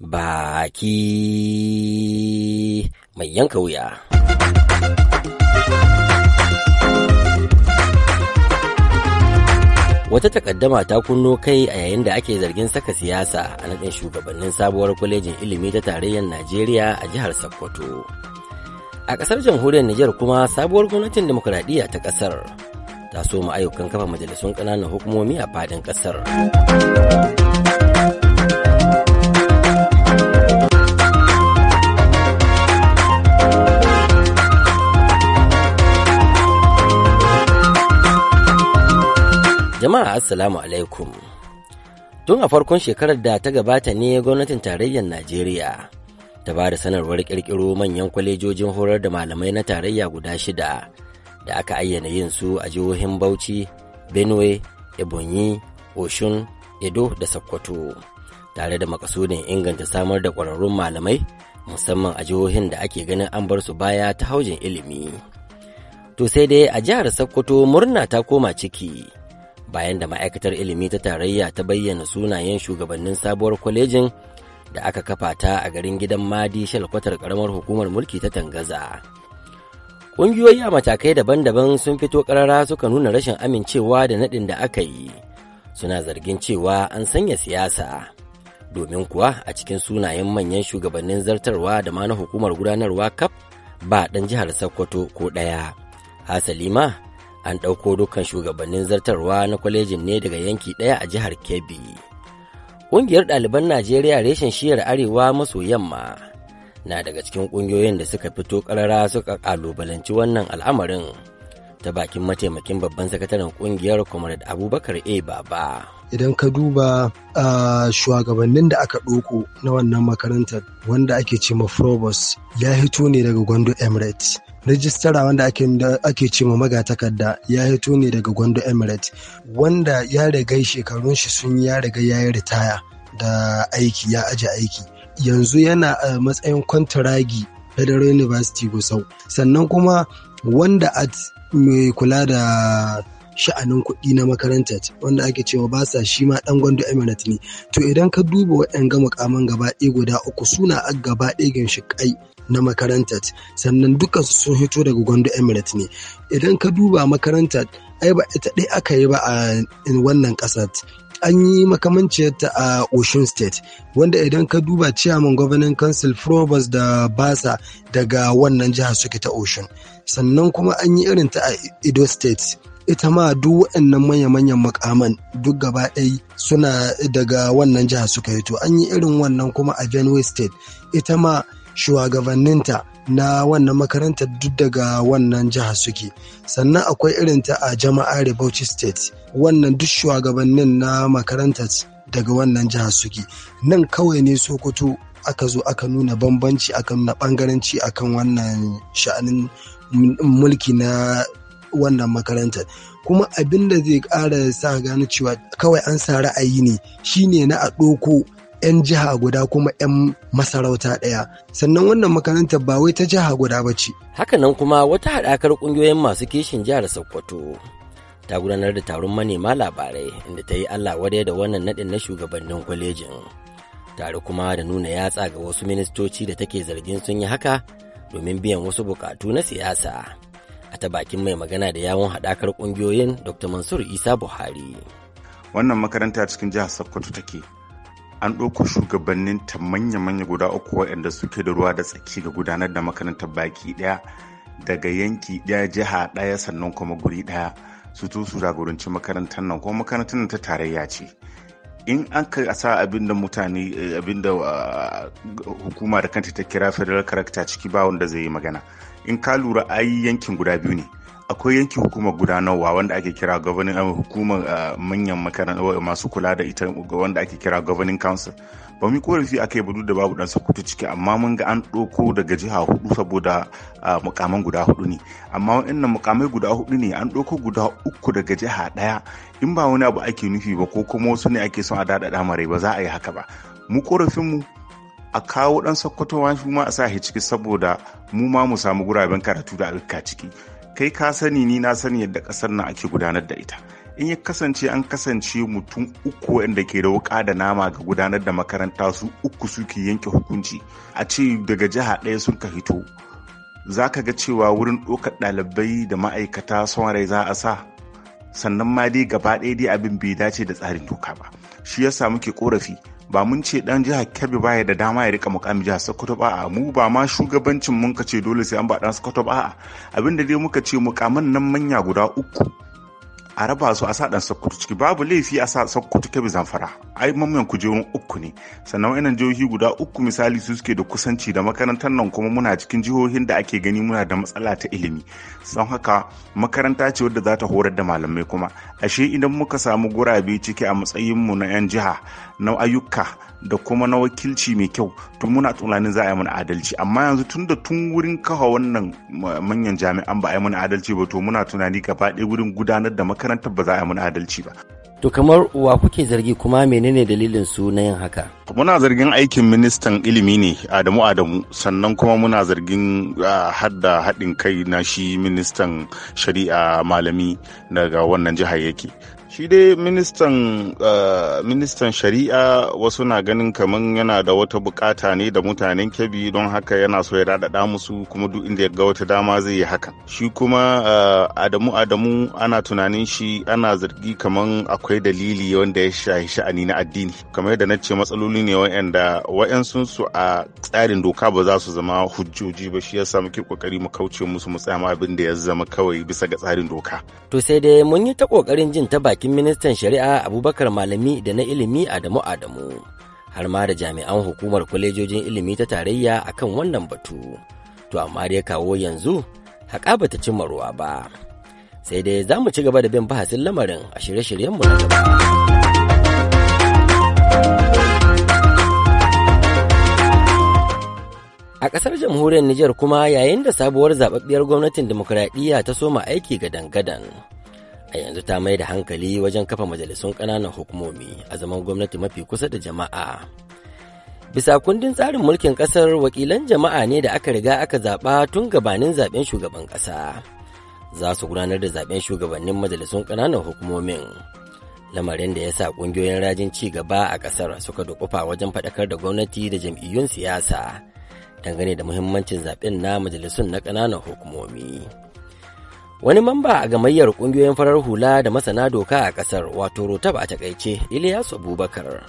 baki mai yanka wuya. Wata takaddama ta kunno kai a yayin da ake zargin saka siyasa a naɗin shugabannin sabuwar kwalejin ilimi ta tarayyar Najeriya a jihar Sokoto. A ƙasar jamhuriyar Nijar kuma sabuwar gwamnatin demokuraɗiyya ta ƙasar ta so ayyukan kafa majalisun ƙananan hukumomi a faɗin ƙasar. Jama'a Assalamu alaikum. Tun a farkon shekarar da ta gabata ne gwamnatin tarayyar Najeriya ta ba da sanarwar ƙirƙiro manyan kwalejojin horar da malamai na tarayya guda shida da aka ayyana yin su a jihohin Bauchi, Benue, Ebonyi, Oshun, Edo da Sokoto. Tare da makasudin inganta samar da ƙwararrun malamai musamman a jihohin da ake ganin an bar su baya ta haujin ilimi. To sai dai a jihar Sokoto murna ta koma ciki. bayan da ma'aikatar ilimi ta tarayya ta bayyana sunayen shugabannin sabuwar kwalejin da aka kafa ta a garin gidan madi shalkwatar karamar hukumar mulki ta tangaza ƙungiyoyi a matakai daban-daban sun fito ƙarara suka nuna rashin amincewa da naɗin da aka yi suna zargin cewa an sanya siyasa domin kuwa a cikin sunayen manyan shugabannin zartarwa da ma na hukumar gudanarwa kaf ba ɗan jihar sokoto ko ɗaya hasali ma an ɗauko dukkan shugabannin zartarwa na kwalejin ne daga yanki ɗaya a jihar kebbi ƙungiyar ɗaliban najeriya reshen shiyar arewa maso yamma na daga cikin ƙungiyoyin da suka fito ƙarara suka ƙalubalanci wannan al'amarin ta bakin mataimakin babban sakataren ƙungiyar comrade abubakar a baba idan ka duba shugabannin da aka ɗoko na wannan makarantar wanda ake ce ma ya hito ne daga gwando emirates rijistara wanda ake ake ce ma magatakarda ya hito ne daga Gwando Emirates wanda ya riga shekarun shi sun ya riga ya yi ritaya da aiki ya aje aiki yanzu yana a matsayin kwantaragi Federal University Gusau sannan kuma wanda at mai kula da sha'anin kuɗi na makarantar wanda ake cewa ba sa shi ma ɗan gwandu emirat ne to idan ka duba waɗanga mukaman gaba ɗaya guda uku suna a gaba ɗaya kai na makarantar, sannan su sun hito daga gwandu emirat ne idan ka duba makarantar, ai ba ita ɗaya aka yi ba a wannan ƙasar an yi makamanciyarta a Ocean State wanda idan ka duba chairman governing council provost da Basa daga wannan jihar suke ta Ocean sannan kuma an yi irin ta a Edo State ita ma duk waɗannan manya-manyan mukaman duk gaba ɗai suna daga wannan jiha suka yi to an yi irin wannan kuma a benue state ita ma shugabanninta na wannan makarantar duk daga wannan jiha suke sannan akwai irinta a jama'ar bauchi state wannan duk shugabannin na makarantar daga wannan jiha suke nan kawai ne sokoto aka zo aka nuna bambanci aka nuna bangaranci akan wannan sha'anin mulki na wannan makarantar kuma abin da zai ƙara sa gani cewa kawai an sa ra'ayi ne shine na a ɗoko 'yan jiha guda kuma 'yan masarauta ɗaya sannan wannan makarantar ba wai ta jiha guda ba ce. hakanan kuma wata haɗakar ƙungiyoyin masu kishin jihar sokoto ta gudanar da taron manema labarai inda ta yi allah wadai da wannan naɗin na shugabannin kwalejin tare kuma da nuna yatsa ga wasu ministoci da take zargin sun yi haka domin biyan wasu buƙatu na siyasa a ta bakin mai magana da yawon hadakar ƙungiyoyin Dr. Mansur Isa Buhari. Wannan makaranta cikin jihar Sokoto take. An ɗauko shugabannin ta manya-manya guda uku waɗanda suke da ruwa da tsaki ga gudanar da makarantar baki ɗaya daga yanki ɗaya jiha ɗaya sannan kuma guri ɗaya su su jagoranci makarantar nan kuma makarantar nan ta tarayya ce. in an ka sa abin da mutane eh, abin ah, hukuma da kanta ta kira federal character ciki ba wanda zai yi magana in ka lura ai yankin guda biyu ne akwai yanki hukumar gudanarwa wanda ake kira governing eh, hukumar eh, manyan makarantar eh, masu kula da ita wanda ake kira governing council ba mu korafi akai budu da babu dan sakutu ciki amma mun ga an ɗauko daga jiha hudu saboda mukaman guda hudu ne amma wa'annan mukamai guda hudu ne an ɗauko guda uku daga jiha ɗaya in ba wani abu ake nufi ba ko kuma wasu ne ake son a daɗaɗa mare ba za a yi haka ba mu korafinmu a kawo ɗan shi ma a sa shi ciki saboda mu ma mu samu guraben karatu da alka ciki kai ka sani ni na sani yadda ƙasar nan ake gudanar da ita in ya kasance an kasance mutum uku waɗanda ke da wuka da nama ga gudanar da makaranta su uku suke yanke hukunci a ce daga jiha ɗaya sun ka hito za ka ga cewa wurin ɗaukar ɗalibai da ma'aikata son rai za a sa sannan ma dai gaba ɗaya dai abin bai dace da tsarin doka ba shi yasa muke korafi ba mun ce dan jihar kebbi baya da dama ya rika mukamin jihar sokoto ba a mu ba ma shugabancin mun ka ce dole sai an ba dan sokoto ba a abinda dai muka ce mukamin nan manya guda uku a raba su a sa dan sokoto ciki babu laifi a sa sokoto kebe zamfara ai mamman kujerun uku ne sannan wayannan jihohi guda uku misali su suke da kusanci da makarantar nan kuma muna cikin jihohin da ake gani muna da matsala ta ilimi san haka makaranta ce wadda za ta horar da malamai kuma ashe idan muka samu gurabe ciki a matsayinmu na 'yan jiha na ayyuka da kuma na wakilci mai kyau tun muna tunanin za a yi mana adalci amma yanzu tun da tun wurin kafa wannan manyan jami'an ba a yi mana adalci ba to muna tunani gaba ɗaya wurin gudanar da makarantar ba za a yi mana adalci ba To kamar wa kuke zargi kuma menene dalilin su na yin haka? Muna zargin aikin ministan ilimi ne Adamu Adamu sannan kuma muna zargin hadda haɗin kai na shi ministan shari'a malami daga wannan jihar yake. shi dai uh, ministan shari'a wasu na ganin kamar yana da wata bukata ne da mutanen kebbi don haka yana so ya daɗaɗa musu kuma duk inda ya ga wata dama zai yi haka shi kuma uh, adamu adamu ana tunanin shi ana zargi kamar akwai dalili wanda ya shahi sha'ani na addini kamar yadda na ce matsaloli ne wa'anda sun su a tsarin doka ba za su zama hujjoji ba shi yasa muke kokari mu kauce musu mu tsaya abin da ya zama kawai bisa ga tsarin doka to sai dai mun yi ta kokarin jin ta baki Mataimakin ministan shari'a abubakar malami da na ilimi adamu adamu har ma da jami'an hukumar kwalejojin ilimi ta tarayya a kan wannan batu to amma dai kawo yanzu haƙa ba ta cimma ruwa ba sai dai za mu ci gaba da bin bahasin lamarin a shirye-shiryenmu na gaba. A ƙasar jamhuriyar Nijar kuma yayin da sabuwar zaɓaɓɓiyar gwamnatin demokuraɗiyya ta soma aiki gadan-gadan. a yanzu ta mai da hankali wajen kafa majalisun ƙananan hukumomi a zaman gwamnati mafi kusa da jama'a. Bisa kundin tsarin mulkin ƙasar wakilan jama'a ne da aka riga aka zaɓa tun gabanin zaɓen shugaban ƙasa. Za su gudanar da zaɓen shugabannin majalisun ƙananan hukumomin. Lamarin da ya sa ƙungiyoyin rajin ci gaba a ƙasar suka dukufa wajen faɗakar da gwamnati da jam'iyyun siyasa dangane da muhimmancin zaɓen na majalisun na ƙananan hukumomi. Wani mamba a gamayyar kungiyoyin farar hula da masana doka a ƙasar, wato Rotab a takaice Ilyas Abubakar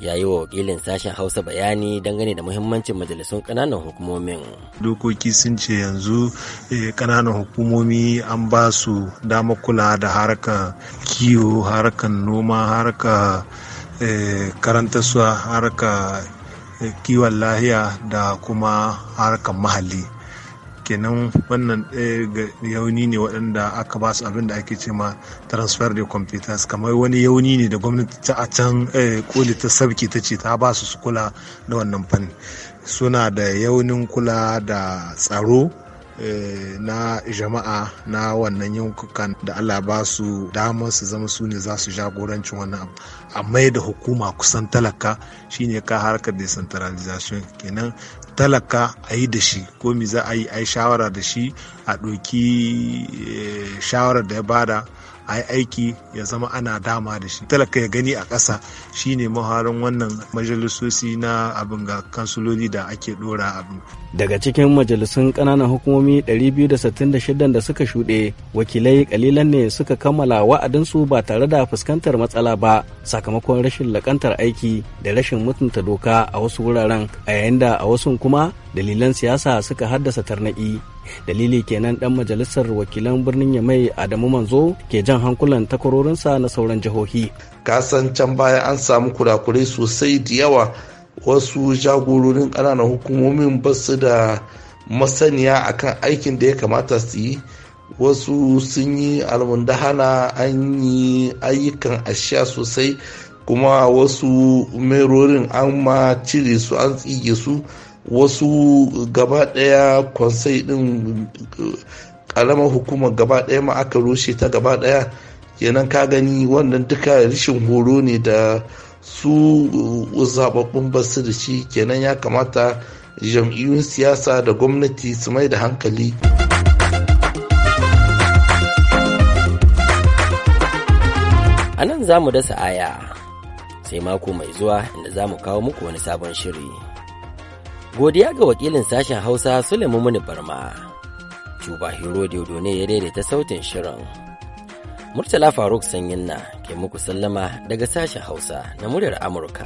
ya yi wa wakilin sashen Hausa bayani dangane da muhimmancin majalisun ƙananan hukumomin. Dokoki sun ce yanzu kananan eh, hukumomi an ba su dama kula da harkar kiwo, harkar noma, harkar eh, karantarsu harkar eh, kiwon lahiya da kuma harkar mahalli. kenan wannan eh, yauni ne waɗanda aka ba su abin da ake ce ma transfer de computers kamar wani yauni ne da gwamnati ta a can eh, koli ta sabki ta ce ta ba su kula da wannan fanni suna da yaunin kula da tsaro Eh, na jama'a na wannan yankukan da Allah ba su damar su zama su ne za su jagorancin wannan abu a mai da hukuma kusan talaka shine ka harkar decentralization kenan talaka a yi da shi ko za a yi a shawara da shi a ɗoki eh, shawarar da ya bada a yi aiki ya zama ana dama da shi talaka ya gani a ƙasa shine maharin wannan majalisosi na abin ga kansuloli da ake dora abin daga cikin majalisun ƙananan hukumomi 266 da suka shuɗe wakilai kalilan ne suka kammala wa'adinsu ba tare da fuskantar matsala ba sakamakon rashin lakantar aiki da rashin mutunta doka a wasu wuraren a yayin da a wasu kuma dalilan siyasa suka haddasa tarnaki dalili kenan dan majalisar wakilan birnin yamai adamu manzo ke jan jan hankulan takwarorinsa na sauran jihohi. Kasan can baya an samu kurakurai sosai da yawa wasu jagororin ƙananan hukumomin ba su da masaniya akan aikin da ya kamata su yi wasu sun yi almundahana an yi ayyukan ashiya sosai kuma wasu merorin an ma cire su an tsige su wasu gaba ɗaya kwansai ɗin karamar hukumar gaba ɗaya ma aka rushe ta gaba ɗaya kenan ka gani wannan duka rashin horo ne da su zababbun basu da shi kenan ya kamata jam'iyyun siyasa da gwamnati su mai da hankali a nan za mu dasa aya sai mako mai zuwa inda za mu kawo muku wani sabon shiri godiya ga wakilin sashen hausa suleiman muni barma Juba Hero Dodo ne ya daidaita sautin shirin. Murtala Faruk Sanyin na ke muku sallama daga sashen Hausa na muryar Amurka.